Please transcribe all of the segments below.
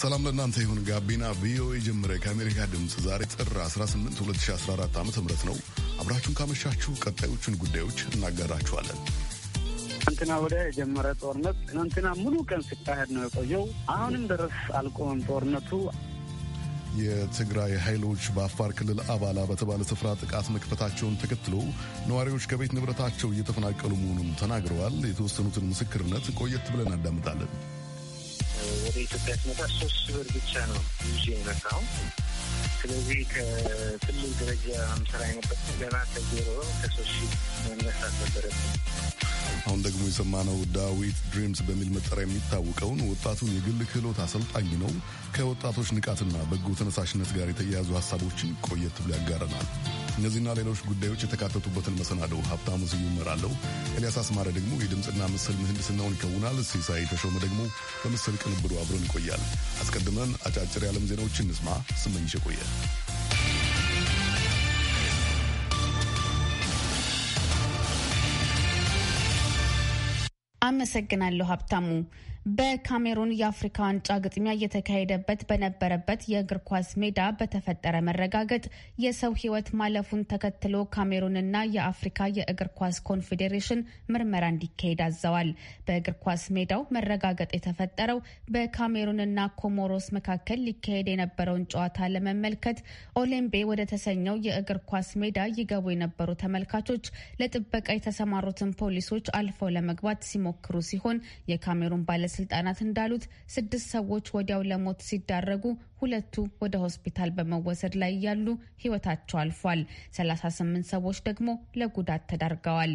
ሰላም ለእናንተ ይሁን። ጋቢና ቪኦኤ ጀምረ ከአሜሪካ ድምፅ ዛሬ ጥር 18 2014 ዓ ም ነው። አብራችሁን ካመሻችሁ ቀጣዮቹን ጉዳዮች እናጋራችኋለን። ትናንትና ወደ የጀመረ ጦርነት ትናንትና ሙሉ ቀን ሲካሄድ ነው የቆየው። አሁንም ድረስ አልቆመም ጦርነቱ። የትግራይ ኃይሎች በአፋር ክልል አባላ በተባለ ስፍራ ጥቃት መክፈታቸውን ተከትሎ ነዋሪዎች ከቤት ንብረታቸው እየተፈናቀሉ መሆኑን ተናግረዋል። የተወሰኑትን ምስክርነት ቆየት ብለን እናዳምጣለን። ወደ ኢትዮጵያ ስመጣ ሶስት ብር ብቻ ነው ይዤ የመጣው። ስለዚህ ከክልል ደረጃ ምሰራ አይነበት ገና ከዜሮ ከሶስት ሺህ መነሳት ነበረብን። አሁን ደግሞ የሰማነው ዳዊት ድሪምስ በሚል መጠሪያ የሚታወቀውን ወጣቱን የግል ክህሎት አሰልጣኝ ነው። ከወጣቶች ንቃትና በጎ ተነሳሽነት ጋር የተያያዙ ሀሳቦችን ቆየት ብሎ ያጋረናል። እነዚህና ሌሎች ጉዳዮች የተካተቱበትን መሰናደው ሀብታሙ ስዩም ይመራለሁ። ኤልያስ አስማረ ደግሞ የድምፅና ምስል ምህንድስናውን ይከውናል። ሲሳይ ተሾመ ደግሞ በምስል ቅንብሩ አብሮን ይቆያል። አስቀድመን አጫጭር የዓለም ዜናዎችን እንስማ። ስመኝሽ ቆየ አመሰግናለሁ ሀብታሙ። በካሜሩን የአፍሪካ ዋንጫ ግጥሚያ እየተካሄደበት በነበረበት የእግር ኳስ ሜዳ በተፈጠረ መረጋገጥ የሰው ሕይወት ማለፉን ተከትሎ ካሜሩንና የአፍሪካ የእግር ኳስ ኮንፌዴሬሽን ምርመራ እንዲካሄድ አዘዋል። በእግር ኳስ ሜዳው መረጋገጥ የተፈጠረው በካሜሩንና ኮሞሮስ መካከል ሊካሄድ የነበረውን ጨዋታ ለመመልከት ኦሌምቤ ወደ ተሰኘው የእግር ኳስ ሜዳ ይገቡ የነበሩ ተመልካቾች ለጥበቃ የተሰማሩትን ፖሊሶች አልፈው ለመግባት ሲሞክሩ ሲሆን የካሜሩን ባለ ባለስልጣናት እንዳሉት ስድስት ሰዎች ወዲያው ለሞት ሲዳረጉ ሁለቱ ወደ ሆስፒታል በመወሰድ ላይ እያሉ ህይወታቸው አልፏል። 38 ሰዎች ደግሞ ለጉዳት ተዳርገዋል።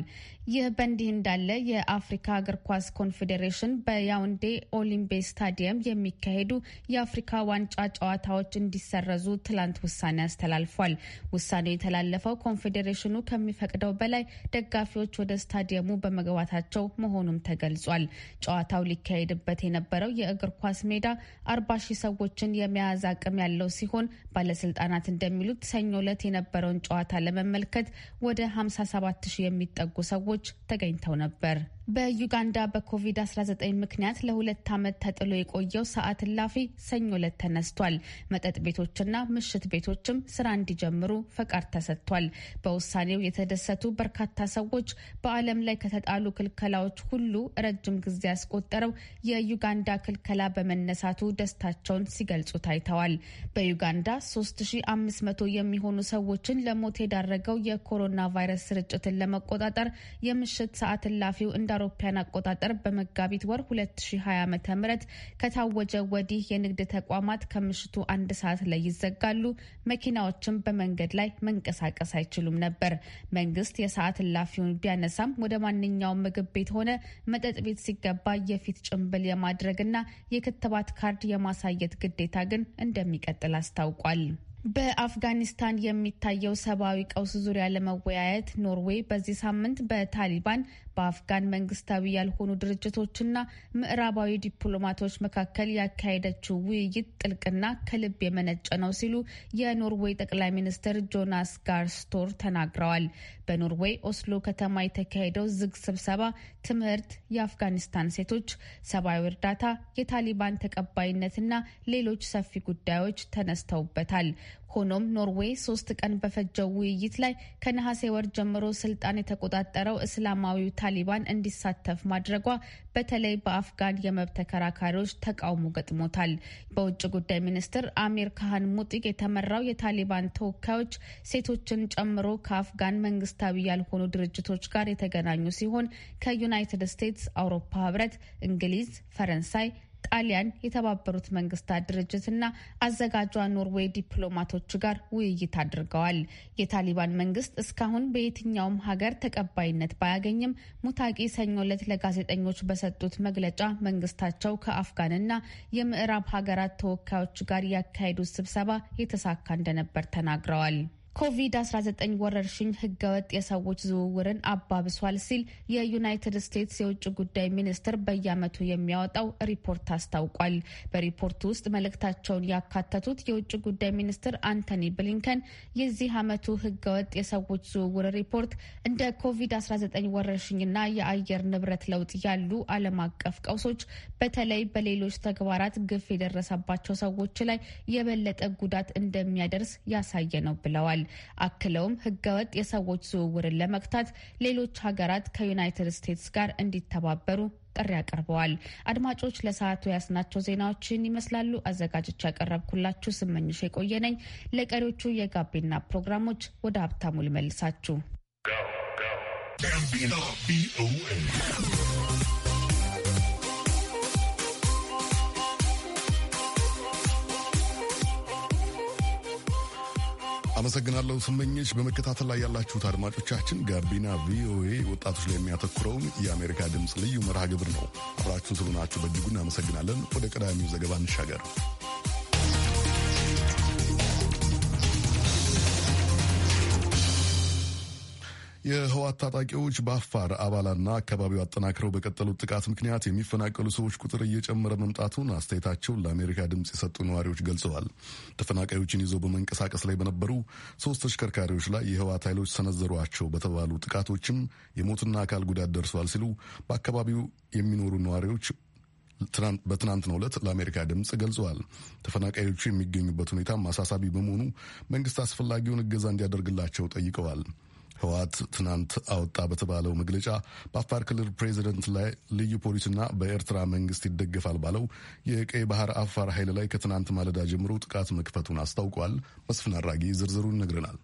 ይህ በእንዲህ እንዳለ የአፍሪካ እግር ኳስ ኮንፌዴሬሽን በያውንዴ ኦሊምቤ ስታዲየም የሚካሄዱ የአፍሪካ ዋንጫ ጨዋታዎች እንዲሰረዙ ትላንት ውሳኔ አስተላልፏል። ውሳኔው የተላለፈው ኮንፌዴሬሽኑ ከሚፈቅደው በላይ ደጋፊዎች ወደ ስታዲየሙ በመግባታቸው መሆኑም ተገልጿል። ጨዋታው ሊካሄድበት የነበረው የእግር ኳስ ሜዳ 40 ሺህ ሰዎችን የሚያ የመያዝ አቅም ያለው ሲሆን ባለስልጣናት እንደሚሉት ሰኞ ዕለት የነበረውን ጨዋታ ለመመልከት ወደ 57 ሺህ የሚጠጉ ሰዎች ተገኝተው ነበር። በዩጋንዳ በኮቪድ-19 ምክንያት ለሁለት ዓመት ተጥሎ የቆየው ሰዓት እላፊ ሰኞ ዕለት ተነስቷል። መጠጥ ቤቶችና ምሽት ቤቶችም ስራ እንዲጀምሩ ፈቃድ ተሰጥቷል። በውሳኔው የተደሰቱ በርካታ ሰዎች በዓለም ላይ ከተጣሉ ክልከላዎች ሁሉ ረጅም ጊዜ ያስቆጠረው የዩጋንዳ ክልከላ በመነሳቱ ደስታቸውን ሲገልጹ ታይተዋል። በዩጋንዳ 3500 የሚሆኑ ሰዎችን ለሞት የዳረገው የኮሮና ቫይረስ ስርጭትን ለመቆጣጠር የምሽት ሰዓት እላፊው እንዳ አውሮፓውያን አቆጣጠር በመጋቢት ወር 2020 ዓ ም ከታወጀ ወዲህ የንግድ ተቋማት ከምሽቱ አንድ ሰዓት ላይ ይዘጋሉ። መኪናዎችም በመንገድ ላይ መንቀሳቀስ አይችሉም ነበር። መንግስት የሰዓት እላፊውን ቢያነሳም ወደ ማንኛውም ምግብ ቤት ሆነ መጠጥ ቤት ሲገባ የፊት ጭንብል የማድረግና የክትባት ካርድ የማሳየት ግዴታ ግን እንደሚቀጥል አስታውቋል። በአፍጋኒስታን የሚታየው ሰብአዊ ቀውስ ዙሪያ ለመወያየት ኖርዌይ በዚህ ሳምንት በታሊባን በአፍጋን መንግስታዊ ያልሆኑ ድርጅቶችና ምዕራባዊ ዲፕሎማቶች መካከል ያካሄደችው ውይይት ጥልቅና ከልብ የመነጨ ነው ሲሉ የኖርዌይ ጠቅላይ ሚኒስትር ጆናስ ጋርስቶር ተናግረዋል። በኖርዌይ ኦስሎ ከተማ የተካሄደው ዝግ ስብሰባ ትምህርት፣ የአፍጋኒስታን ሴቶች፣ ሰብአዊ እርዳታ፣ የታሊባን ተቀባይነትና ሌሎች ሰፊ ጉዳዮች ተነስተውበታል። ሆኖም ኖርዌይ ሶስት ቀን በፈጀው ውይይት ላይ ከነሐሴ ወር ጀምሮ ስልጣን የተቆጣጠረው እስላማዊው ታሊባን እንዲሳተፍ ማድረጓ በተለይ በአፍጋን የመብት ተከራካሪዎች ተቃውሞ ገጥሞታል። በውጭ ጉዳይ ሚኒስትር አሚር ካህን ሙጢቅ የተመራው የታሊባን ተወካዮች ሴቶችን ጨምሮ ከአፍጋን መንግስታዊ ያልሆኑ ድርጅቶች ጋር የተገናኙ ሲሆን ከዩናይትድ ስቴትስ፣ አውሮፓ ህብረት፣ እንግሊዝ፣ ፈረንሳይ ጣሊያን፣ የተባበሩት መንግስታት ድርጅትና አዘጋጇ ኖርዌይ ዲፕሎማቶች ጋር ውይይት አድርገዋል። የታሊባን መንግስት እስካሁን በየትኛውም ሀገር ተቀባይነት ባያገኝም ሙታቂ ሰኞ ዕለት ለጋዜጠኞች በሰጡት መግለጫ መንግስታቸው ከአፍጋንና የምዕራብ ሀገራት ተወካዮች ጋር ያካሄዱት ስብሰባ የተሳካ እንደነበር ተናግረዋል። ኮቪድ-19 ወረርሽኝ ህገወጥ የሰዎች ዝውውርን አባብሷል ሲል የዩናይትድ ስቴትስ የውጭ ጉዳይ ሚኒስትር በየዓመቱ የሚያወጣው ሪፖርት አስታውቋል። በሪፖርቱ ውስጥ መልእክታቸውን ያካተቱት የውጭ ጉዳይ ሚኒስትር አንቶኒ ብሊንከን የዚህ ዓመቱ ህገወጥ የሰዎች ዝውውር ሪፖርት እንደ ኮቪድ-19 ወረርሽኝና የአየር ንብረት ለውጥ ያሉ ዓለም አቀፍ ቀውሶች በተለይ በሌሎች ተግባራት ግፍ የደረሰባቸው ሰዎች ላይ የበለጠ ጉዳት እንደሚያደርስ ያሳየ ነው ብለዋል። አክለውም ህገወጥ የሰዎች ዝውውርን ለመግታት ሌሎች ሀገራት ከዩናይትድ ስቴትስ ጋር እንዲተባበሩ ጥሪ አቅርበዋል። አድማጮች ለሰዓቱ ያስናቸው ዜናዎችን ይመስላሉ። አዘጋጆች ያቀረብኩላችሁ ስመኝሽ የቆየ ነኝ። ለቀሪዎቹ የጋቢና ፕሮግራሞች ወደ ሀብታሙ ልመልሳችሁ። አመሰግናለሁ ስመኞች። በመከታተል ላይ ያላችሁት አድማጮቻችን ጋቢና ቪኦኤ ወጣቶች ላይ የሚያተኩረውን የአሜሪካ ድምፅ ልዩ መርሃ ግብር ነው። አብራችሁን ስለሆናችሁ በእጅጉ እናመሰግናለን። ወደ ቀዳሚው ዘገባ እንሻገር። የህዋት ታጣቂዎች በአፋር አባላና አካባቢው አጠናክረው በቀጠሉት ጥቃት ምክንያት የሚፈናቀሉ ሰዎች ቁጥር እየጨመረ መምጣቱን አስተያየታቸውን ለአሜሪካ ድምፅ የሰጡ ነዋሪዎች ገልጸዋል። ተፈናቃዮችን ይዘው በመንቀሳቀስ ላይ በነበሩ ሶስት ተሽከርካሪዎች ላይ የህዋት ኃይሎች ሰነዘሯቸው በተባሉ ጥቃቶችም የሞትና አካል ጉዳት ደርሷል ሲሉ በአካባቢው የሚኖሩ ነዋሪዎች በትናንትናው ዕለት ለአሜሪካ ድምፅ ገልጸዋል። ተፈናቃዮቹ የሚገኙበት ሁኔታም አሳሳቢ በመሆኑ መንግስት አስፈላጊውን እገዛ እንዲያደርግላቸው ጠይቀዋል። ህወሓት ትናንት አወጣ በተባለው መግለጫ በአፋር ክልል ፕሬዚደንት ላይ ልዩ ፖሊስና በኤርትራ መንግስት ይደገፋል ባለው የቀይ ባህር አፋር ኃይል ላይ ከትናንት ማለዳ ጀምሮ ጥቃት መክፈቱን አስታውቋል። መስፍን አራጌ ዝርዝሩን ይነግረናል።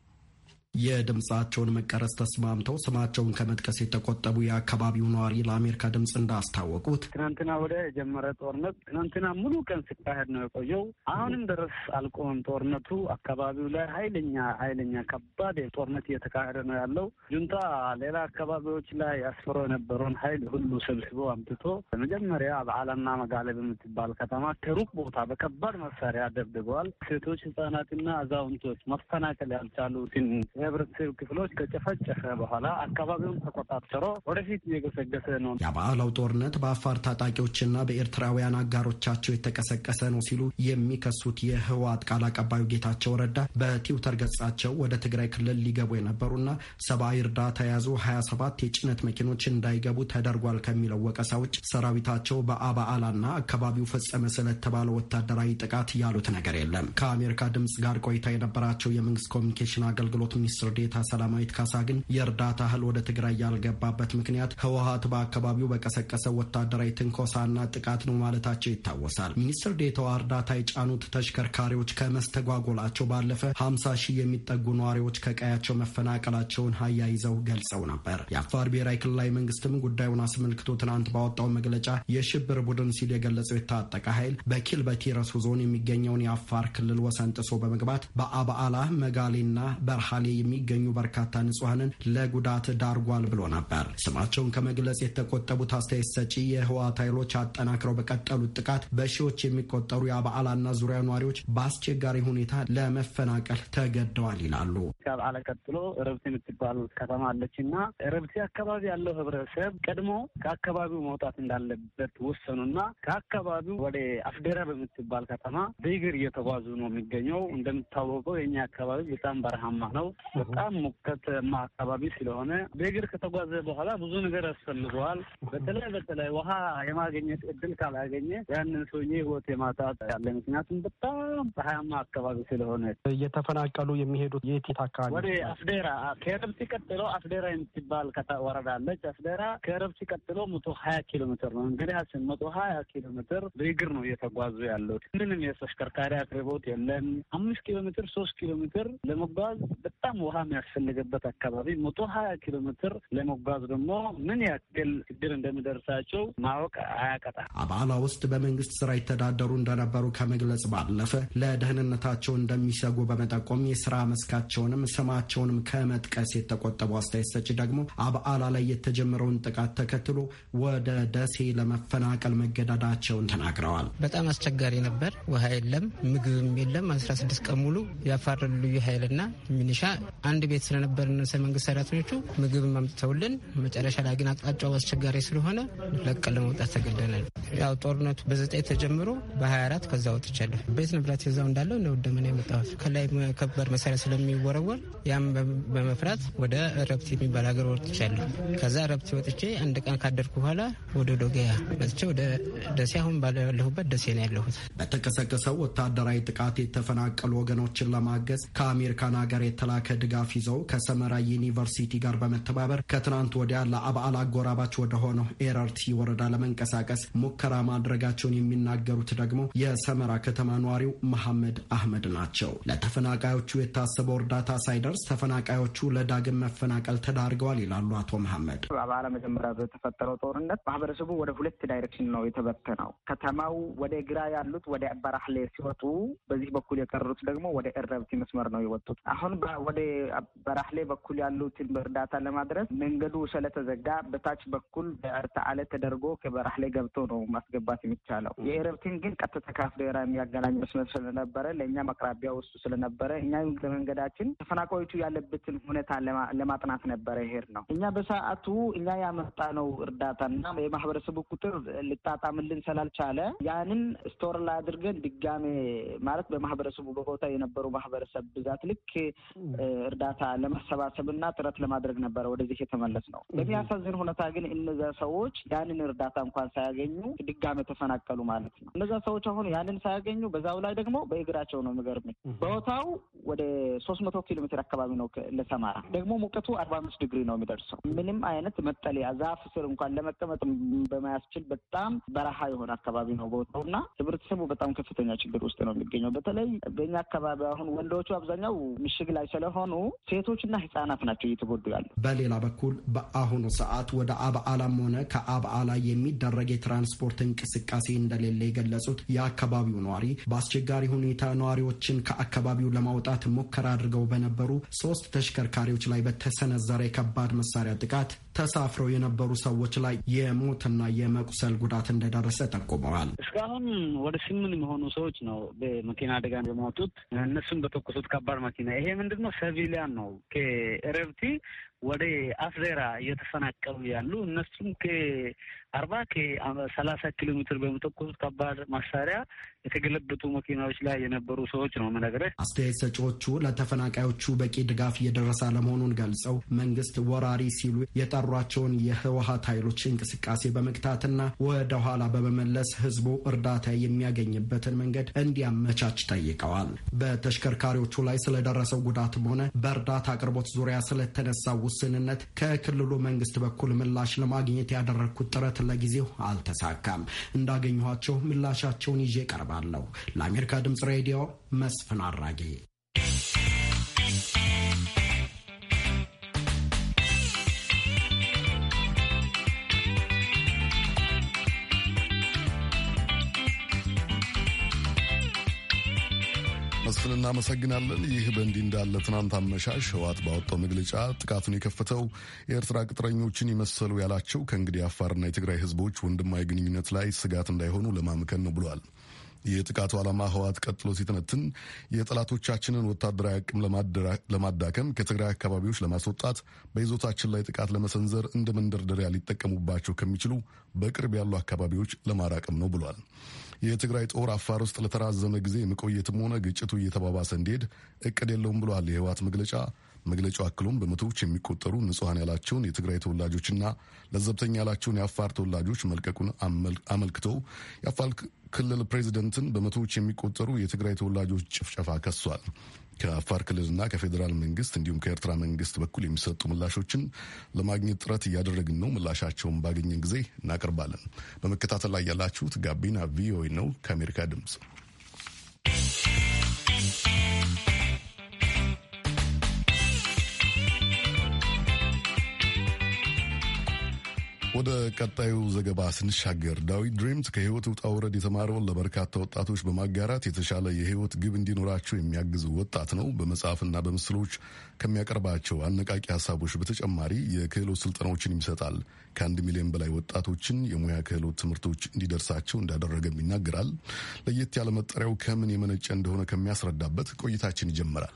የድምፃቸውን መቀረጽ ተስማምተው ስማቸውን ከመጥቀስ የተቆጠቡ የአካባቢው ነዋሪ ለአሜሪካ ድምፅ እንዳስታወቁት ትናንትና ወደ የጀመረ ጦርነት ትናንትና ሙሉ ቀን ሲካሄድ ነው የቆየው። አሁንም ድረስ አልቆመም ጦርነቱ። አካባቢው ላይ ኃይለኛ ኃይለኛ ከባድ ጦርነት እየተካሄደ ነው ያለው። ጁንታ ሌላ አካባቢዎች ላይ አስፍሮ የነበረውን ኃይል ሁሉ ሰብስቦ አምጥቶ በመጀመሪያ በዓላና መጋለ በምትባል ከተማ ከሩቅ ቦታ በከባድ መሳሪያ ደብድበዋል። ሴቶች፣ ህጻናትና አዛውንቶች ማፈናቀል ያልቻሉትን የህብረተሰብ ክፍሎች ከጨፈጨፈ በኋላ አካባቢውን ተቆጣጠሮ ወደፊት እየገሰገሰ ነው። የባህላው ጦርነት በአፋር ታጣቂዎችና በኤርትራውያን አጋሮቻቸው የተቀሰቀሰ ነው ሲሉ የሚከሱት የህወሓት ቃል አቀባዩ ጌታቸው ረዳ በትዊተር ገጻቸው ወደ ትግራይ ክልል ሊገቡ የነበሩና ሰብአዊ እርዳታ የያዙ 27 የጭነት መኪኖች እንዳይገቡ ተደርጓል ከሚለው ወቀሳ ውጭ ሰራዊታቸው በአባአላና አካባቢው ፈጸመ ስለተባለ ወታደራዊ ጥቃት ያሉት ነገር የለም። ከአሜሪካ ድምጽ ጋር ቆይታ የነበራቸው የመንግስት ኮሚኒኬሽን አገልግሎት ሚኒስትር ዴታ ሰላማዊት ካሳ ግን የእርዳታ እህል ወደ ትግራይ ያልገባበት ምክንያት ህወሀት በአካባቢው በቀሰቀሰ ወታደራዊ ትንኮሳና ጥቃት ነው ማለታቸው ይታወሳል። ሚኒስትር ዴታዋ እርዳታ የጫኑት ተሽከርካሪዎች ከመስተጓጎላቸው ባለፈ ሀምሳ ሺህ የሚጠጉ ነዋሪዎች ከቀያቸው መፈናቀላቸውን አያይዘው ገልጸው ነበር። የአፋር ብሔራዊ ክልላዊ መንግስትም ጉዳዩን አስመልክቶ ትናንት ባወጣው መግለጫ የሽብር ቡድን ሲል የገለጸው የታጠቀ ኃይል በኪል በቲረሱ ዞን የሚገኘውን የአፋር ክልል ወሰን ጥሶ በመግባት በአበአላ መጋሌና በርሃሌ የሚገኙ በርካታ ንጹሐንን ለጉዳት ዳርጓል ብሎ ነበር። ስማቸውን ከመግለጽ የተቆጠቡት አስተያየት ሰጪ የህወሓት ኃይሎች አጠናክረው በቀጠሉት ጥቃት በሺዎች የሚቆጠሩ የአበዓላና ዙሪያ ነዋሪዎች በአስቸጋሪ ሁኔታ ለመፈናቀል ተገደዋል ይላሉ። ከአበዓለ ቀጥሎ ረብሴ የምትባል ከተማ አለች እና ረብሴ አካባቢ ያለው ህብረተሰብ ቀድሞ ከአካባቢው መውጣት እንዳለበት ወሰኑና ከአካባቢው ወደ አፍዴራ በምትባል ከተማ በእግር እየተጓዙ ነው የሚገኘው። እንደምታወቀው የኛ አካባቢ በጣም በረሃማ ነው። በጣም ሙቀታማ አካባቢ ስለሆነ በእግር ከተጓዘ በኋላ ብዙ ነገር ያስፈልገዋል። በተለይ በተለይ ውሃ የማግኘት እድል ካላገኘ ያንን ሰውዬ ህይወት የማጣት ያለ ምክንያቱም በጣም ፀሐያማ አካባቢ ስለሆነ እየተፈናቀሉ የሚሄዱት የት አካባቢ ወደ አፍዴራ ከረብቲ ቀጥሎ አፍዴራ የምትባል ወረዳ አለች። አፍዴራ ከረብቲ ቀጥሎ መቶ ሀያ ኪሎ ሜትር ነው እንግዲህ አስን መቶ ሀያ ኪሎ ሜትር በእግር ነው እየተጓዙ ያሉት። ምንም የተሽከርካሪ አቅርቦት የለም። አምስት ኪሎ ሜትር ሶስት ኪሎ ሜትር ለመጓዝ በጣም ውሃ የሚያስፈልገበት አካባቢ መቶ ሀያ ኪሎ ሜትር ለመጓዝ ደግሞ ምን ያክል ችግር እንደሚደርሳቸው ማወቅ አያቀጣ። አባላ ውስጥ በመንግስት ስራ ይተዳደሩ እንደነበሩ ከመግለጽ ባለፈ ለደህንነታቸው እንደሚሰጉ በመጠቆም የስራ መስካቸውንም ስማቸውንም ከመጥቀስ የተቆጠቡ አስተያየት ሰጪ ደግሞ አብአላ ላይ የተጀመረውን ጥቃት ተከትሎ ወደ ደሴ ለመፈናቀል መገዳዳቸውን ተናግረዋል። በጣም አስቸጋሪ ነበር። ውሃ የለም፣ ምግብም የለም። አስራ ቀን ሙሉ የአፋር ልዩ ኃይልና ሚኒሻ አንድ ቤት ስለነበርን መንግስት ሰራተኞቹ ምግብ አምጥተውልን፣ መጨረሻ ላይ ግን አቅጣጫው አስቸጋሪ ስለሆነ ለቀን ለመውጣት ተገደናል። ያው ጦርነቱ በዘጠኝ ተጀምሮ በ24 ከዛ ወጥቻለሁ። ቤት ንብረት የዛው እንዳለው ነው የመጣሁት ከላይ ከባድ መሳሪያ ስለሚወረወር ያም በመፍራት ወደ ረብት የሚባል ሀገር ወጥቻለሁ። ከዛ ረብት ወጥቼ አንድ ቀን ካደርኩ በኋላ ወደ ዶገያ መጥቼ ወደ ደሴ አሁን ባለሁበት ደሴ ነው ያለሁት። በተቀሰቀሰው ወታደራዊ ጥቃት የተፈናቀሉ ወገኖችን ለማገዝ ከአሜሪካን ሀገር የተላከ ድጋፍ ይዘው ከሰመራ ዩኒቨርሲቲ ጋር በመተባበር ከትናንት ወዲያ ለአብዓል አጎራባች ወደ ሆነው ኤረርቲ ወረዳ ለመንቀሳቀስ ሙከራ ማድረጋቸውን የሚናገሩት ደግሞ የሰመራ ከተማ ነዋሪው መሐመድ አህመድ ናቸው። ለተፈናቃዮቹ የታሰበው እርዳታ ሳይደርስ ተፈናቃዮቹ ለዳግም መፈናቀል ተዳርገዋል ይላሉ አቶ መሐመድ። አብዓላ መጀመሪያ በተፈጠረው ጦርነት ማህበረሰቡ ወደ ሁለት ዳይሬክሽን ነው የተበተነው። ከተማው ወደ ግራ ያሉት ወደ በራህሌ ሲወጡ፣ በዚህ በኩል የቀሩት ደግሞ ወደ ኤረብቲ መስመር ነው የወጡት። አሁን ወደ በራህሌ በኩል ያሉትን እርዳታ ለማድረስ መንገዱ ስለተዘጋ በታች በኩል አለ ተደርጎ ከበራህሌ ገብቶ ነው ማስገባት የሚቻለው። የኤረብቲን ግን ቀጥታ ካፍዴራ የሚያገናኝ መስመር ስለነበረ ለእኛ አቅራቢያ ውስጡ ስለነበረ እኛ ለመንገዳችን ተፈናቃዮቹ ያለበትን ሁኔታ ለማጥናት ነበረ ይሄድ ነው። እኛ በሰዓቱ እኛ ያመጣ ነው እርዳታ እና የማህበረሰቡ ቁጥር ልጣጣምልን ስላልቻለ ያንን ስቶር ላይ አድርገን ድጋሜ ማለት በማህበረሰቡ በቦታ የነበሩ ማህበረሰብ ብዛት ልክ እርዳታ ለማሰባሰብ እና ጥረት ለማድረግ ነበረ ወደዚህ የተመለስ ነው። በሚያሳዝን ሁኔታ ግን እነዛ ሰዎች ያንን እርዳታ እንኳን ሳያገኙ ድጋሜ ተፈናቀሉ ማለት ነው። እነዛ ሰዎች አሁን ያንን ሳያገኙ በዛው ላይ ደግሞ በእግራቸው ነው የሚገርምኝ። ቦታው ወደ ሶስት መቶ ኪሎ ሜትር አካባቢ ነው ለሰማራ ደግሞ ሙቀቱ አርባ አምስት ዲግሪ ነው የሚደርሰው። ምንም አይነት መጠለያ ዛፍ ስር እንኳን ለመቀመጥ በማያስችል በጣም በረሃ የሆነ አካባቢ ነው ቦታው እና ህብረተሰቡ በጣም ከፍተኛ ችግር ውስጥ ነው የሚገኘው። በተለይ በእኛ አካባቢ አሁን ወንዶቹ አብዛኛው ምሽግ ላይ ስለሆነ ሆኑ ሴቶችና ህጻናት ናቸው እየተጎዱ ያሉ። በሌላ በኩል በአሁኑ ሰዓት ወደ አብዓላም ሆነ ከአብዓላ የሚደረግ የትራንስፖርት እንቅስቃሴ እንደሌለ የገለጹት የአካባቢው ነዋሪ በአስቸጋሪ ሁኔታ ነዋሪዎችን ከአካባቢው ለማውጣት ሙከራ አድርገው በነበሩ ሶስት ተሽከርካሪዎች ላይ በተሰነዘረ የከባድ መሳሪያ ጥቃት ተሳፍረው የነበሩ ሰዎች ላይ የሞትና የመቁሰል ጉዳት እንደደረሰ ጠቁመዋል። እስካሁን ወደ ስምንት የሆኑ ሰዎች ነው በመኪና አደጋ የሞቱት። እነሱም በተኮሱት ከባድ መኪና። ይሄ ምንድን ነው? ሰቪሊያን ነው ከረብቲ ወደ አፍዜራ እየተፈናቀሉ ያሉ እነሱም አርባ ከሰላሳ ኪሎ ሜትር በሚተኮሱት ከባድ መሳሪያ የተገለበጡ መኪናዎች ላይ የነበሩ ሰዎች ነው መነግረህ። አስተያየት ሰጪዎቹ ለተፈናቃዮቹ በቂ ድጋፍ እየደረሰ አለመሆኑን ገልጸው መንግስት ወራሪ ሲሉ የጠሯቸውን የህወሀት ኃይሎች እንቅስቃሴ በመግታትና ወደ ኋላ በመመለስ ህዝቡ እርዳታ የሚያገኝበትን መንገድ እንዲያመቻች ጠይቀዋል። በተሽከርካሪዎቹ ላይ ስለደረሰው ጉዳትም ሆነ በእርዳታ አቅርቦት ዙሪያ ስለተነሳው ውስንነት ከክልሉ መንግስት በኩል ምላሽ ለማግኘት ያደረግኩት ጥረት መላክ ለጊዜው አልተሳካም። እንዳገኘኋቸው ምላሻቸውን ይዤ ቀርባለሁ። ለአሜሪካ ድምጽ ሬዲዮ መስፍን አራጌ መስፍን እናመሰግናለን። ይህ በእንዲህ እንዳለ ትናንት አመሻሽ ህወሓት ባወጣው መግለጫ ጥቃቱን የከፈተው የኤርትራ ቅጥረኞችን ይመሰሉ ያላቸው ከእንግዲህ አፋርና የትግራይ ህዝቦች ወንድማዊ ግንኙነት ላይ ስጋት እንዳይሆኑ ለማምከን ነው ብሏል። የጥቃቱ ዓላማ ህወሓት ቀጥሎ ሲተነትን የጠላቶቻችንን ወታደራዊ አቅም ለማዳከም ከትግራይ አካባቢዎች ለማስወጣት በይዞታችን ላይ ጥቃት ለመሰንዘር እንደ መንደርደሪያ ሊጠቀሙባቸው ከሚችሉ በቅርብ ያሉ አካባቢዎች ለማራቅም ነው ብሏል። የትግራይ ጦር አፋር ውስጥ ለተራዘመ ጊዜ መቆየትም ሆነ ግጭቱ እየተባባሰ እንዲሄድ እቅድ የለውም ብለዋል የህወሓት መግለጫ። መግለጫው አክሎም በመቶዎች የሚቆጠሩ ንጹሐን ያላቸውን የትግራይ ተወላጆችና ለዘብተኛ ያላቸውን የአፋር ተወላጆች መልቀቁን አመልክተው የአፋር ክልል ፕሬዚደንትን በመቶዎች የሚቆጠሩ የትግራይ ተወላጆች ጭፍጨፋ ከሷል። ከአፋር ክልልና ከፌዴራል መንግስት እንዲሁም ከኤርትራ መንግስት በኩል የሚሰጡ ምላሾችን ለማግኘት ጥረት እያደረግን ነው። ምላሻቸውን ባገኘን ጊዜ እናቀርባለን። በመከታተል ላይ ያላችሁት ጋቢና ቪኦኤ ነው ከአሜሪካ ድምፅ ወደ ቀጣዩ ዘገባ ስንሻገር ዳዊት ድሪምት ከህይወት ውጣ ውረድ የተማረውን ለበርካታ ወጣቶች በማጋራት የተሻለ የህይወት ግብ እንዲኖራቸው የሚያግዝ ወጣት ነው። በመጽሐፍና በምስሎች ከሚያቀርባቸው አነቃቂ ሀሳቦች በተጨማሪ የክህሎት ስልጠናዎችን ይሰጣል። ከአንድ ሚሊዮን በላይ ወጣቶችን የሙያ ክህሎት ትምህርቶች እንዲደርሳቸው እንዳደረገም ይናገራል። ለየት ያለ መጠሪያው ከምን የመነጨ እንደሆነ ከሚያስረዳበት ቆይታችን ይጀምራል።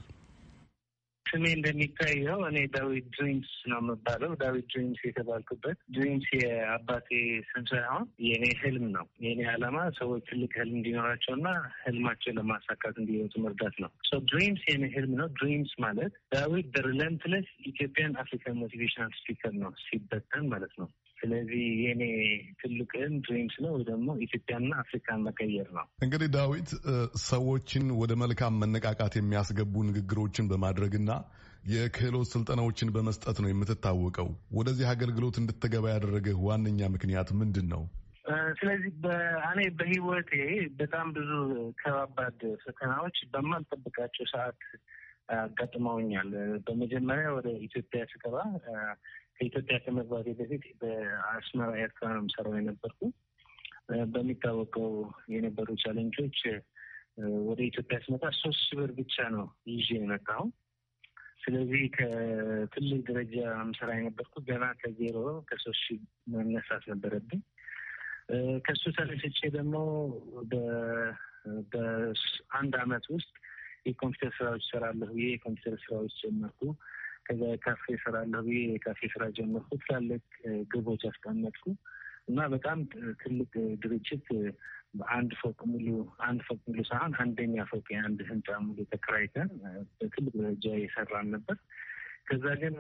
ስሜ እንደሚታየው እኔ ዳዊት ድሪምስ ነው የምባለው። ዳዊት ድሪምስ የተባልኩበት ድሪምስ የአባቴ ስም ሳይሆን የእኔ ህልም ነው። የእኔ ዓላማ ሰዎች ትልቅ ህልም እንዲኖራቸውና ህልማቸው ለማሳካት እንዲወጡ መርዳት ነው። ድሪምስ የእኔ ህልም ነው። ድሪምስ ማለት ዳዊት ደርለንትለስ ኢትዮጵያን አፍሪካን ሞቲቬሽናል ስፒከር ነው ሲበተን ማለት ነው። ስለዚህ የኔ ትልቅ ህልም ድሪምስ ነው ወይ ደግሞ ኢትዮጵያና አፍሪካን መቀየር ነው። እንግዲህ ዳዊት ሰዎችን ወደ መልካም መነቃቃት የሚያስገቡ ንግግሮችን በማድረግና የክህሎት ስልጠናዎችን በመስጠት ነው የምትታወቀው። ወደዚህ አገልግሎት እንድትገባ ያደረገህ ዋነኛ ምክንያት ምንድን ነው? ስለዚህ እኔ በህይወቴ በጣም ብዙ ከባባድ ፈተናዎች በማልጠብቃቸው ሰዓት አጋጥመውኛል። በመጀመሪያ ወደ ኢትዮጵያ ስገባ ከኢትዮጵያ ከመግባቴ በፊት በአስመራ ኤርትራ ነው የምሰራው የነበርኩ። በሚታወቀው የነበሩ ቻለንጆች ወደ ኢትዮጵያ ስመጣ ሶስት ሺህ ብር ብቻ ነው ይዤ የመጣው። ስለዚህ ከትልቅ ደረጃ ምሰራ የነበርኩት ገና ከዜሮ ከሶስት ሺህ መነሳት ነበረብኝ። ከሱ ተነስቼ ደግሞ በአንድ አመት ውስጥ የኮምፒውተር ስራዎች ይሰራለሁ ብዬ የኮምፒውተር ስራዎች ጀመርኩ። ከዛ የካፌ ስራ አለ ብዬ የካፌ ስራ ጀመርኩ። ትላልቅ ግቦች አስቀመጥኩ እና በጣም ትልቅ ድርጅት አንድ ፎቅ ሙሉ አንድ ፎቅ ሙሉ ሳይሆን አንደኛ ፎቅ የአንድ ህንፃ ሙሉ ተከራይተን በትልቅ ደረጃ የሰራን ነበር። ከዛ ግን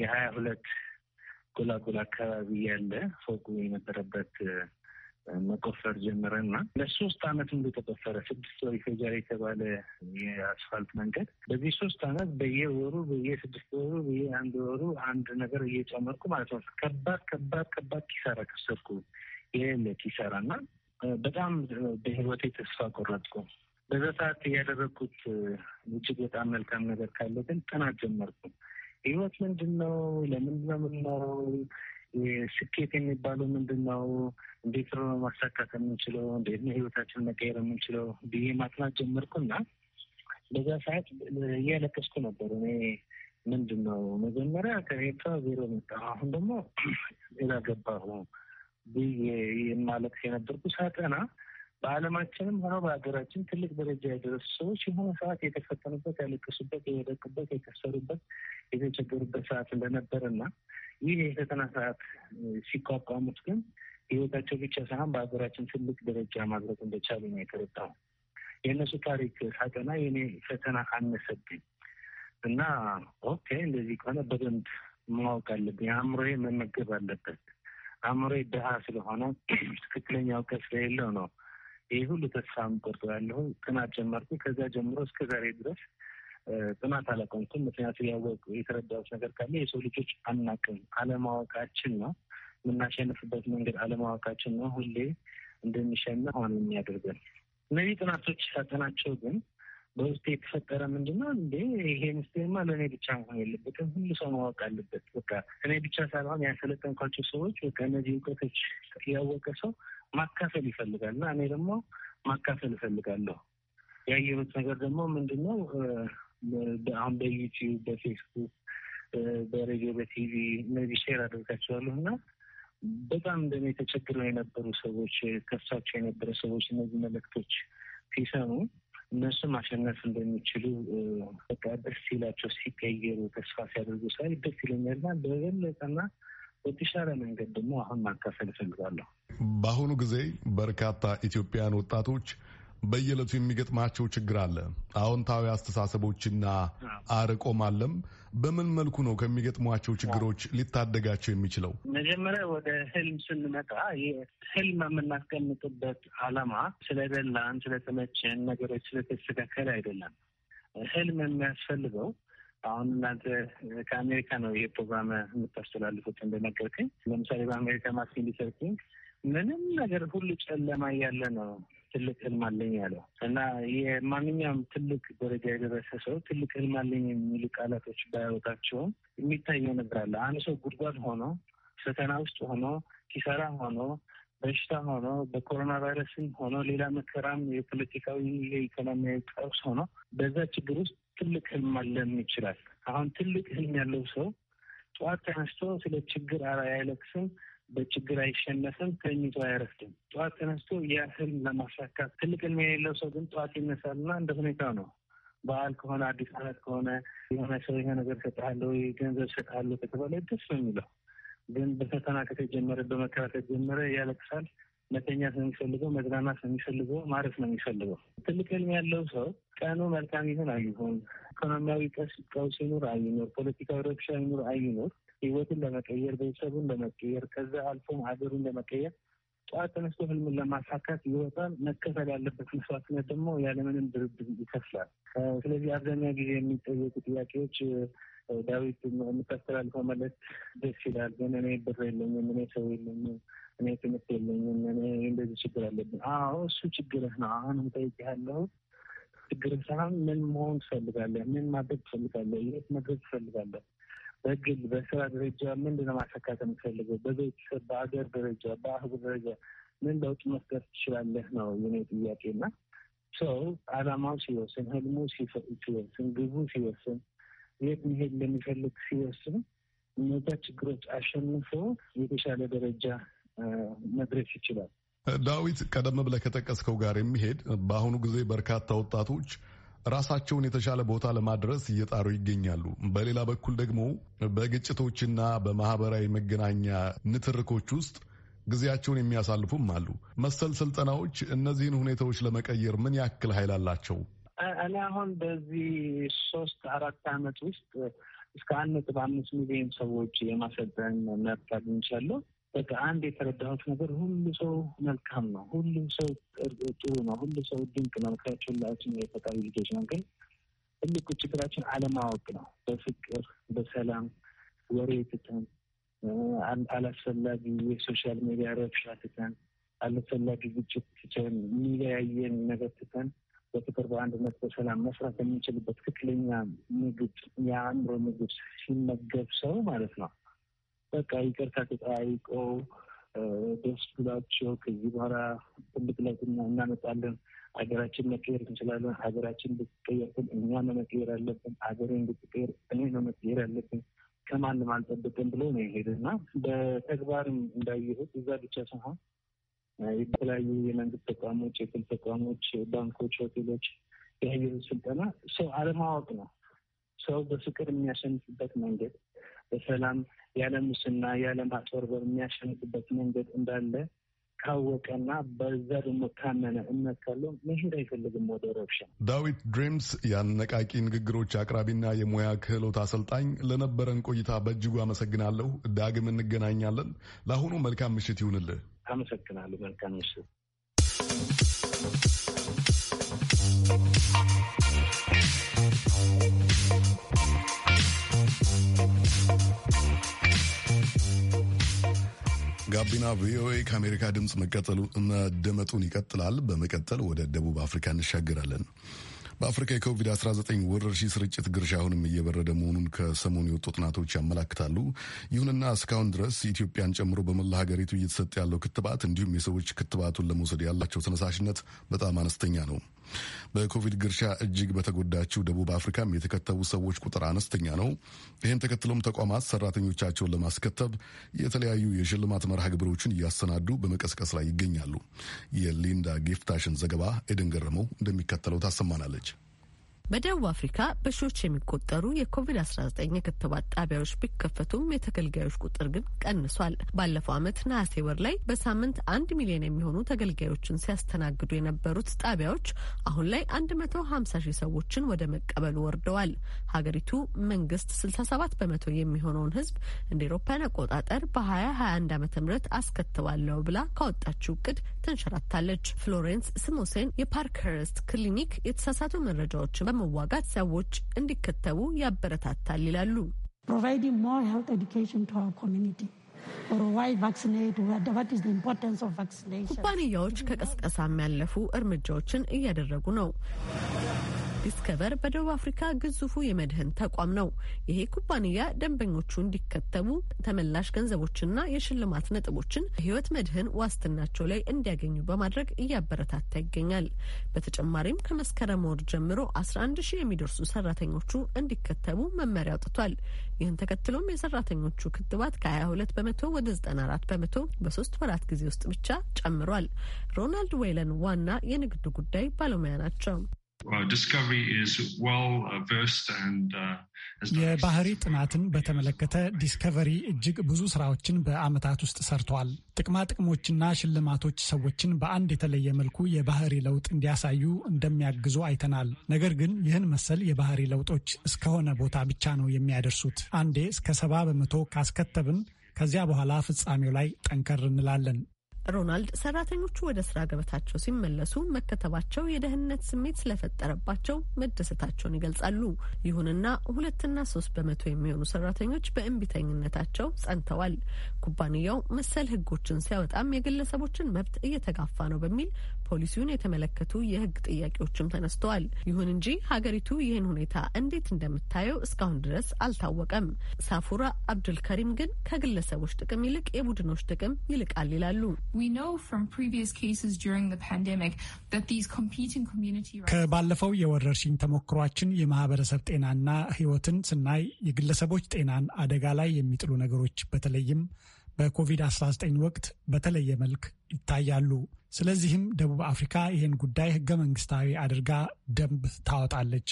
የሀያ ሁለት ጎላጎላ አካባቢ ያለ ፎቁ የነበረበት መቆፈር ጀመረን እና ለሶስት አመት እንደ ተቆፈረ ስድስት ወር ይፈጃል የተባለ የአስፋልት መንገድ በዚህ ሶስት አመት በየወሩ በየስድስት ወሩ በየአንድ ወሩ አንድ ነገር እየጨመርኩ ማለት ነው። ከባድ ከባድ ከባድ ኪሳራ ከሰርኩ የሌለ ኪሳራ እና በጣም በህይወቴ ተስፋ ቆረጥኩ። በዛ ሰዓት እያደረግኩት እጅግ በጣም መልካም ነገር ካለ ግን ጥናት ጀመርኩ። ህይወት ምንድን ነው? ለምንድን ነው የምንኖረው? ስኬት የሚባለው ምንድን ነው? እንዴት ነው ማሳካት የምንችለው? እንዴት ነው ህይወታችን መቀየር የምንችለው ብዬ ማጥናት ጀመርኩና በዛ ሰዓት እያለቀስኩ ነበር። እኔ ምንድን ነው መጀመሪያ ከኤርትራ ዜሮ መጣ፣ አሁን ደግሞ ሌላ ገባሁ ብዬ ማለት የነበርኩ ሳጠና በዓለማችንም ሆነ በሀገራችን ትልቅ ደረጃ የደረሱ ሰዎች የሆነ ሰዓት የተፈተኑበት፣ ያለቀሱበት፣ የወደቁበት፣ የከሰሩበት፣ የተቸገሩበት ሰዓት እንደነበር እና ይህ የፈተና ሰዓት ሲቋቋሙት ግን ህይወታቸው ብቻ ሳይሆን በሀገራችን ትልቅ ደረጃ ማድረግ እንደቻሉ ነው የተረዳው። የእነሱ ታሪክ ሳጠና የኔ ፈተና አነሰብኝ እና ኦኬ እንደዚህ ከሆነ በደንብ ማወቅ አለብኝ፣ አእምሮዬ መመገብ አለበት። አእምሮዬ ድሃ ስለሆነ ትክክለኛ እውቀት ስለሌለው ነው ይህ ሁሉ ተስፋ ምቆርጦ ያለሁ ጥናት ጀመርኩ። ከዚያ ጀምሮ እስከ ዛሬ ድረስ ጥናት አላቆምኩም። ምክንያቱ ያወቅ የተረዳሁት ነገር ካለ የሰው ልጆች አናቅም፣ አለማወቃችን ነው የምናሸንፍበት መንገድ አለማወቃችን ነው ሁሌ እንደሚሸንፍ ሆነ የሚያደርገን። እነዚህ ጥናቶች ሳጠናቸው ግን በውስጥ የተፈጠረ ምንድነው እንዴ ይሄ ምስቴማ ለእኔ ብቻ መሆን የለበትም፣ ሁሉ ሰው ማወቅ አለበት። በቃ እኔ ብቻ ሳልሆን ያሰለጠንኳቸው ሰዎች በቃ እነዚህ እውቀቶች ያወቀ ሰው ማካፈል ይፈልጋል እና እኔ ደግሞ ማካፈል እፈልጋለሁ። ያየሁት ነገር ደግሞ ምንድን ነው አሁን በዩቲዩብ በፌስቡክ በሬዲዮ በቲቪ እነዚህ ሼር አድርጋቸዋለሁ እና በጣም እንደኔ ተቸግረው የነበሩ ሰዎች ከሳቸው የነበረ ሰዎች እነዚህ መልእክቶች ሲሰሙ እነሱም ማሸነፍ እንደሚችሉ በቃ ደስ ሲላቸው ሲቀየሩ ተስፋ ሲያደርጉ ሳይ ደስ ይለኛልና በበለጠና በተሻለ መንገድ ደግሞ አሁን ማካፈል እፈልጋለሁ። በአሁኑ ጊዜ በርካታ ኢትዮጵያውያን ወጣቶች በየዕለቱ የሚገጥማቸው ችግር አለ። አዎንታዊ አስተሳሰቦችና አርቆ ማለም በምን መልኩ ነው ከሚገጥሟቸው ችግሮች ሊታደጋቸው የሚችለው? መጀመሪያ ወደ ህልም ስንመጣ ህልም የምናስቀምጥበት አላማ ስለደላን፣ ስለተመቸን፣ ነገሮች ስለተስተካከለ አይደለም። ህልም የሚያስፈልገው አሁን እናንተ ከአሜሪካ ነው ይሄ ፕሮግራም የምታስተላልፉት እንደነገርከኝ። ለምሳሌ በአሜሪካ ማርቲን ሉተር ኪንግ ምንም ነገር ሁሉ ጨለማ እያለ ነው ትልቅ ህልም አለኝ ያለው እና የማንኛውም ትልቅ ደረጃ የደረሰ ሰው ትልቅ ህልም አለኝ የሚሉ ቃላቶች ባያወጣቸውም የሚታየው ነገር አለ። አንድ ሰው ጉድጓድ ሆኖ ፈተና ውስጥ ሆኖ ኪሳራ ሆኖ በሽታ ሆኖ በኮሮና ቫይረስም ሆኖ ሌላ መከራም የፖለቲካዊ የኢኮኖሚያዊ ቀውስ ሆኖ በዛ ችግር ውስጥ ትልቅ ህልም አለን ይችላል። አሁን ትልቅ ህልም ያለው ሰው ጠዋት ተነስቶ ስለ ችግር አያለቅስም፣ በችግር አይሸነፍም፣ ተኝቶ አያረፍድም። ጠዋት ተነስቶ ያ ህልም ለማሳካት ትልቅ ህልም የሌለው ሰው ግን ጠዋት ይነሳልና እንደ ሁኔታው ነው። በዓል ከሆነ አዲስ አመት ከሆነ የሆነ ሰው የሆነ ነገር እሰጥሃለሁ፣ ገንዘብ እሰጥሃለሁ ከተባለ ደስ ነው የሚለው። ግን በፈተና ከተጀመረ በመከራ ከተጀመረ ያለቅሳል። መተኛት ነው የሚፈልገው፣ መዝናናት ነው የሚፈልገው፣ ማረፍ ነው የሚፈልገው። ትልቅ ህልም ያለው ሰው ቀኑ መልካም ይሁን አይሁን፣ ኢኮኖሚያዊ ቀውስ ይኑር አይኑር፣ ፖለቲካዊ ረብሻ ይኑር አይኑር፣ ህይወቱን ለመቀየር ቤተሰቡን ለመቀየር ከዛ አልፎም ሀገሩን ለመቀየር ጠዋት ተነስቶ ህልምን ለማሳካት ይወጣል። መከፈል ያለበት መስዋዕትነት ደግሞ ያለምንም ድርድር ይከፍላል። ስለዚህ አብዛኛው ጊዜ የሚጠየቁ ጥያቄዎች ዳዊት የምታስተላልፈው መልዕክት ደስ ይላል፣ ግን እኔ ብር የለኝም፣ እኔ ሰው የለኝም እኔ ትምህርት የለኝም እኔ እንደዚህ ችግር አለብን። አዎ እሱ ችግርህ ነው። አሁን ጠይቅ ያለው ችግር ሳይሆን ምን መሆን ትፈልጋለህ? ምን ማድረግ ትፈልጋለህ? የት መድረግ ትፈልጋለህ? በግል በስራ ደረጃ ምንድን ነው ማሳካት የምትፈልገው? በቤተሰብ በሀገር ደረጃ በአህጉር ደረጃ ምን ለውጥ መፍጠር ትችላለህ ነው የኔ ጥያቄ። እና ሰው አላማው ሲወስን፣ ህልሙ ሲወስን፣ ግቡ ሲወስን፣ የት መሄድ እንደሚፈልግ ሲወስን እነዛ ችግሮች አሸንፎ የተሻለ ደረጃ መድረስ ይችላል። ዳዊት፣ ቀደም ብለህ ከጠቀስከው ጋር የሚሄድ በአሁኑ ጊዜ በርካታ ወጣቶች ራሳቸውን የተሻለ ቦታ ለማድረስ እየጣሩ ይገኛሉ። በሌላ በኩል ደግሞ በግጭቶችና በማህበራዊ መገናኛ ንትርኮች ውስጥ ጊዜያቸውን የሚያሳልፉም አሉ። መሰል ስልጠናዎች እነዚህን ሁኔታዎች ለመቀየር ምን ያክል ኃይል አላቸው? እኔ አሁን በዚህ ሶስት አራት ዓመት ውስጥ እስከ አንድ ነጥብ አምስት ሚሊዮን ሰዎች የማሰልጠን መብት አግኝቻለሁ። በቃ አንድ የተረዳሁት ነገር ሁሉ ሰው መልካም ነው፣ ሁሉም ሰው ጥሩ ነው፣ ሁሉ ሰው ድንቅ ነው። ምክንያቸው ሁላችን የፈጣሪ ልጆች ነው። ግን ትልቁ ችግራችን አለማወቅ ነው። በፍቅር በሰላም ወሬ ትተን፣ አላስፈላጊ የሶሻል ሚዲያ ረብሻ ትተን፣ አላስፈላጊ ግጭት ትተን፣ የሚለያየን ነገር ትተን በፍቅር በአንድነት በሰላም መስራት የምንችልበት ትክክለኛ ምግብ የአእምሮ ምግብ ሲመገብ ሰው ማለት ነው በቃ ይቅርታ ተጠያይቀው ደስ ብላቸው ከዚህ በኋላ ትልቅ ለውጥ እናመጣለን፣ ሀገራችን መቀየር እንችላለን፣ ሀገራችን ብትቀየርትን እኛ ነው መቀየር አለብን፣ ሀገሬ እንድትቀየር እኔ ነው መቀየር አለብን ከማንም አልጠብቅም ብሎ ነው የሄደ እና በተግባርም እንዳየሁት እዛ ብቻ ሳይሆን የተለያዩ የመንግስት ተቋሞች፣ የክል ተቋሞች፣ ባንኮች፣ ሆቴሎች ያየሁት ስልጠና ሰው አለማወቅ ነው ሰው በፍቅር የሚያሸንፍበት መንገድ በሰላም ያለ ሙስና ያለ ማጭበርበር የሚያሸንፍበት መንገድ እንዳለ ካወቀና በዛ ደግሞ ካመነ እምነት ካለው መሄድ አይፈልግም ወደ ረብሻ። ዳዊት ድሪምስ የአነቃቂ ንግግሮች አቅራቢና የሙያ ክህሎት አሰልጣኝ፣ ለነበረን ቆይታ በእጅጉ አመሰግናለሁ። ዳግም እንገናኛለን። ለአሁኑ መልካም ምሽት ይሁንልህ። አመሰግናለሁ። መልካም ምሽት። ጋቢና ቪኦኤ ከአሜሪካ ድምፅ መደመጡን ይቀጥላል። በመቀጠል ወደ ደቡብ አፍሪካ እንሻገራለን። በአፍሪካ የኮቪድ-19 ወረርሽኝ ስርጭት ግርሻ አሁንም እየበረደ መሆኑን ከሰሞኑ የወጡ ጥናቶች ያመላክታሉ። ይሁንና እስካሁን ድረስ ኢትዮጵያን ጨምሮ በመላ ሀገሪቱ እየተሰጠ ያለው ክትባት እንዲሁም የሰዎች ክትባቱን ለመውሰድ ያላቸው ተነሳሽነት በጣም አነስተኛ ነው። በኮቪድ ግርሻ እጅግ በተጎዳችው ደቡብ አፍሪካም የተከተቡ ሰዎች ቁጥር አነስተኛ ነው። ይህን ተከትሎም ተቋማት ሰራተኞቻቸውን ለማስከተብ የተለያዩ የሽልማት መርሃ ግብሮችን እያሰናዱ በመቀስቀስ ላይ ይገኛሉ። የሊንዳ ጌፍታሽን ዘገባ ኤደን ገረመው እንደሚከተለው ታሰማናለች። በደቡብ አፍሪካ በሺዎች የሚቆጠሩ የኮቪድ-19 የክትባት ጣቢያዎች ቢከፈቱም የተገልጋዮች ቁጥር ግን ቀንሷል። ባለፈው ዓመት ነሐሴ ወር ላይ በሳምንት አንድ ሚሊዮን የሚሆኑ ተገልጋዮችን ሲያስተናግዱ የነበሩት ጣቢያዎች አሁን ላይ 150 ሺህ ሰዎችን ወደ መቀበሉ ወርደዋል። ሀገሪቱ መንግስት 67 በመቶ የሚሆነውን ህዝብ እንደ ኤሮፓያን አቆጣጠር በ2021 ዓ.ም አስከትባለሁ ብላ ካወጣችው እቅድ ተንሸራታለች። ፍሎሬንስ ስሞሴን የፓርክኸርስት ክሊኒክ የተሳሳቱ መረጃዎችን ለመዋጋት ሰዎች እንዲከተቡ ያበረታታል ይላሉ። ኩባንያዎች ከቀስቀሳ ያለፉ እርምጃዎችን እያደረጉ ነው። ዲስከቨር በደቡብ አፍሪካ ግዙፉ የመድህን ተቋም ነው። ይሄ ኩባንያ ደንበኞቹ እንዲከተቡ ተመላሽ ገንዘቦችና የሽልማት ነጥቦችን ህይወት መድህን ዋስትናቸው ላይ እንዲያገኙ በማድረግ እያበረታታ ይገኛል። በተጨማሪም ከመስከረም ወር ጀምሮ 11 ሺህ የሚደርሱ ሰራተኞቹ እንዲከተቡ መመሪያ አውጥቷል። ይህን ተከትሎም የሰራተኞቹ ክትባት ከ22 በመቶ ወደ 94 በመቶ በሶስት ወራት ጊዜ ውስጥ ብቻ ጨምሯል። ሮናልድ ዌይለን ዋና የንግድ ጉዳይ ባለሙያ ናቸው። Uh, uh, የባህሪ ጥናትን በተመለከተ ዲስከቨሪ እጅግ ብዙ ስራዎችን በአመታት ውስጥ ሰርተዋል። ጥቅማ ጥቅሞችና ሽልማቶች ሰዎችን በአንድ የተለየ መልኩ የባህሪ ለውጥ እንዲያሳዩ እንደሚያግዙ አይተናል። ነገር ግን ይህን መሰል የባህሪ ለውጦች እስከሆነ ቦታ ብቻ ነው የሚያደርሱት። አንዴ እስከ ሰባ በመቶ ካስከተብን ከዚያ በኋላ ፍጻሜው ላይ ጠንከር እንላለን። ሮናልድ ሰራተኞቹ ወደ ስራ ገበታቸው ሲመለሱ መከተባቸው የደህንነት ስሜት ስለፈጠረባቸው መደሰታቸውን ይገልጻሉ። ይሁንና ሁለትና ሶስት በመቶ የሚሆኑ ሰራተኞች በእምቢተኝነታቸው ጸንተዋል። ኩባንያው መሰል ህጎችን ሲያወጣም የግለሰቦችን መብት እየተጋፋ ነው በሚል ፖሊሲውን የተመለከቱ የህግ ጥያቄዎችም ተነስተዋል። ይሁን እንጂ ሀገሪቱ ይህን ሁኔታ እንዴት እንደምታየው እስካሁን ድረስ አልታወቀም። ሳፉራ አብዱልከሪም ግን ከግለሰቦች ጥቅም ይልቅ የቡድኖች ጥቅም ይልቃል ይላሉ። ከባለፈው የወረርሽኝ ተሞክሯችን የማህበረሰብ ጤናና ሕይወትን ስናይ የግለሰቦች ጤናን አደጋ ላይ የሚጥሉ ነገሮች በተለይም በኮቪድ-19 ወቅት በተለየ መልክ ይታያሉ። ስለዚህም ደቡብ አፍሪካ ይህን ጉዳይ ህገ መንግስታዊ አድርጋ ደንብ ታወጣለች።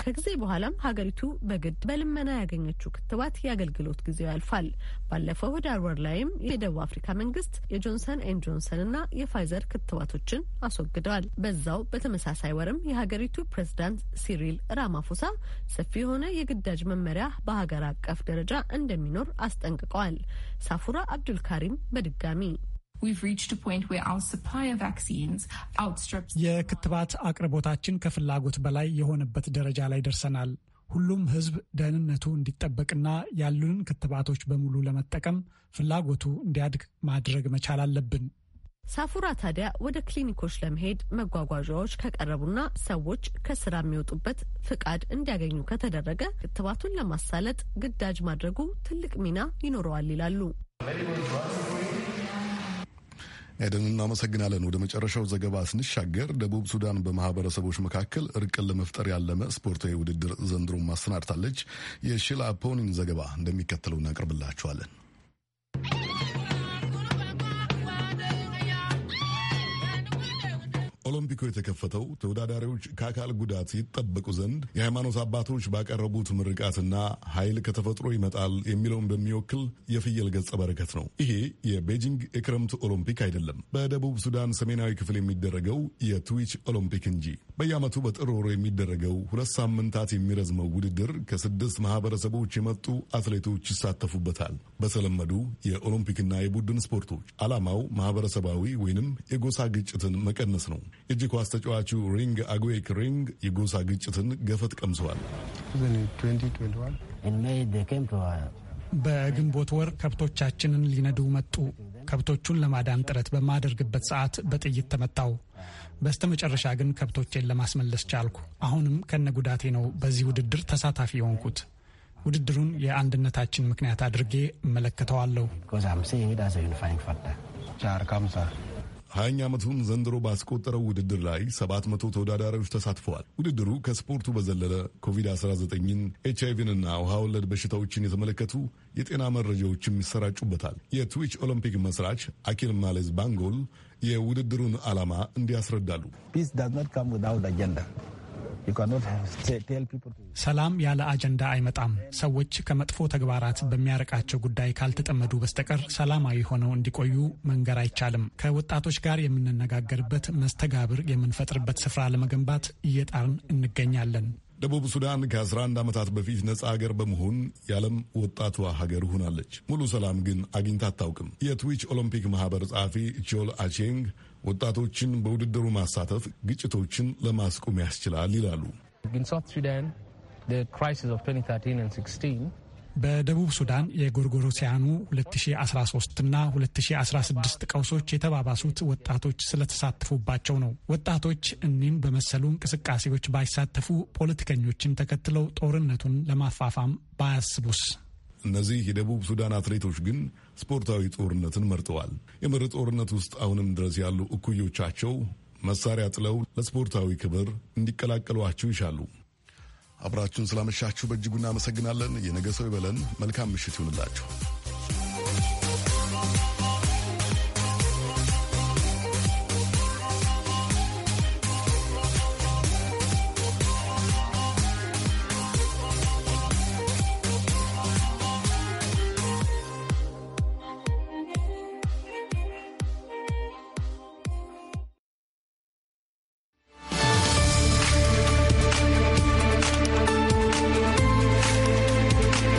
ከጊዜ በኋላም ሀገሪቱ በግድ በልመና ያገኘችው ክትባት የአገልግሎት ጊዜው ያልፋል። ባለፈው ህዳር ወር ላይም የደቡብ አፍሪካ መንግስት የጆንሰን ኤንድ ጆንሰንና የፋይዘር ክትባቶችን አስወግደዋል። በዛው በተመሳሳይ ወርም የሀገሪቱ ፕሬዝዳንት ሲሪል ራማፎሳ ሰፊ የሆነ የግዳጅ መመሪያ በሀገር አቀፍ ደረጃ እንደሚኖር አስጠንቅቀዋል። ሳፉራ አብዱልካሪም በድጋሚ የክትባት አቅርቦታችን ከፍላጎት በላይ የሆነበት ደረጃ ላይ ደርሰናል። ሁሉም ሕዝብ ደህንነቱ እንዲጠበቅና ያሉንን ክትባቶች በሙሉ ለመጠቀም ፍላጎቱ እንዲያድግ ማድረግ መቻል አለብን። ሳፉራ ታዲያ ወደ ክሊኒኮች ለመሄድ መጓጓዣዎች ከቀረቡና ሰዎች ከስራ የሚወጡበት ፍቃድ እንዲያገኙ ከተደረገ ክትባቱን ለማሳለጥ ግዳጅ ማድረጉ ትልቅ ሚና ይኖረዋል ይላሉ። ኤደን እናመሰግናለን። ወደ መጨረሻው ዘገባ ስንሻገር ደቡብ ሱዳን በማህበረሰቦች መካከል እርቅን ለመፍጠር ያለመ ስፖርታዊ ውድድር ዘንድሮ ማሰናድታለች። የሺላ ፖኒን ዘገባ እንደሚከተለው እናቀርብላችኋለን። ኦሎምፒኩ የተከፈተው ተወዳዳሪዎች ከአካል ጉዳት ይጠበቁ ዘንድ የሃይማኖት አባቶች ባቀረቡት ምርቃትና ኃይል ከተፈጥሮ ይመጣል የሚለውን በሚወክል የፍየል ገጸ በረከት ነው። ይሄ የቤጂንግ የክረምት ኦሎምፒክ አይደለም፣ በደቡብ ሱዳን ሰሜናዊ ክፍል የሚደረገው የትዊች ኦሎምፒክ እንጂ። በየዓመቱ በጥር ወር የሚደረገው ሁለት ሳምንታት የሚረዝመው ውድድር ከስድስት ማህበረሰቦች የመጡ አትሌቶች ይሳተፉበታል። በተለመዱ የኦሎምፒክና የቡድን ስፖርቶች ዓላማው ማህበረሰባዊ ወይንም የጎሳ ግጭትን መቀነስ ነው። የእጅ ኳስ ተጫዋቹ ሪንግ አግዌክ ሪንግ የጎሳ ግጭትን ገፈት ቀምሰዋል። በግንቦት ወር ከብቶቻችንን ሊነዱ መጡ። ከብቶቹን ለማዳን ጥረት በማደርግበት ሰዓት በጥይት ተመታው። በስተ መጨረሻ ግን ከብቶቼን ለማስመለስ ቻልኩ። አሁንም ከነ ጉዳቴ ነው በዚህ ውድድር ተሳታፊ የሆንኩት። ውድድሩን የአንድነታችን ምክንያት አድርጌ እመለከተዋለሁ። ሀያኛ ዓመቱን ዘንድሮ ባስቆጠረው ውድድር ላይ 700 ተወዳዳሪዎች ተሳትፈዋል። ውድድሩ ከስፖርቱ በዘለለ ኮቪድ-19ን፣ ኤች ውሃ ወለድ በሽታዎችን የተመለከቱ የጤና መረጃዎችም ይሰራጩበታል። የትዊች ኦሎምፒክ መስራች አኪል ማሌዝ ባንጎል የውድድሩን ዓላማ እንዲያስረዳሉ ፒስ ዳዝ ኖት ካም ዊዛውት አጀንዳ ሰላም ያለ አጀንዳ አይመጣም። ሰዎች ከመጥፎ ተግባራት በሚያርቃቸው ጉዳይ ካልተጠመዱ በስተቀር ሰላማዊ ሆነው እንዲቆዩ መንገር አይቻልም። ከወጣቶች ጋር የምንነጋገርበት መስተጋብር የምንፈጥርበት ስፍራ ለመገንባት እየጣርን እንገኛለን። ደቡብ ሱዳን ከ11 ዓመታት በፊት ነፃ ሀገር በመሆን የዓለም ወጣቷ ሀገር ሆናለች። ሙሉ ሰላም ግን አግኝታ አታውቅም። የትዊች ኦሎምፒክ ማህበር ጸሐፊ ቾል አቼንግ ወጣቶችን በውድድሩ ማሳተፍ ግጭቶችን ለማስቆም ያስችላል ይላሉ። በደቡብ ሱዳን የጎርጎሮሲያኑ 2013 እና 2016 ቀውሶች የተባባሱት ወጣቶች ስለተሳተፉባቸው ነው። ወጣቶች እኒህም በመሰሉ እንቅስቃሴዎች ባይሳተፉ ፖለቲከኞችን ተከትለው ጦርነቱን ለማፋፋም ባያስቡስ? እነዚህ የደቡብ ሱዳን አትሌቶች ግን ስፖርታዊ ጦርነትን መርጠዋል። የምር ጦርነት ውስጥ አሁንም ድረስ ያሉ እኩዮቻቸው መሳሪያ ጥለው ለስፖርታዊ ክብር እንዲቀላቀሏቸው ይሻሉ። አብራችሁን ስላመሻችሁ በእጅጉ እናመሰግናለን። የነገ ሰው ይበለን። መልካም ምሽት ይሁንላችሁ።